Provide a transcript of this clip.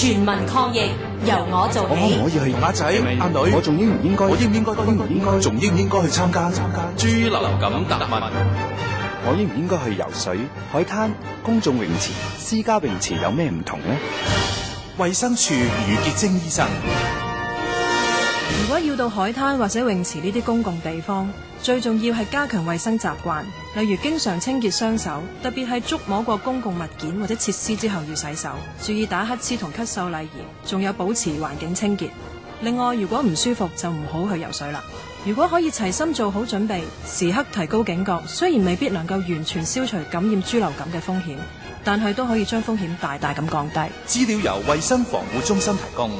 全民抗疫，由我做起。我可以係阿仔、阿女，我仲應唔應該？我應唔應該？應唔應該？仲應唔應,應,應該去參加？參加豬流感答問？我應唔應該去游水、海灘、公眾泳池、私家泳池有咩唔同呢？衞生署余潔晶醫生。要到海灘或者泳池呢啲公共地方，最重要係加強衛生習慣，例如經常清潔雙手，特別係觸摸過公共物件或者設施之後要洗手，注意打乞嗤同咳嗽禮儀，仲有保持環境清潔。另外，如果唔舒服就唔好去游水啦。如果可以齊心做好準備，時刻提高警覺，雖然未必能夠完全消除感染豬流感嘅風險，但係都可以將風險大大咁降低。資料由衛生防護中心提供。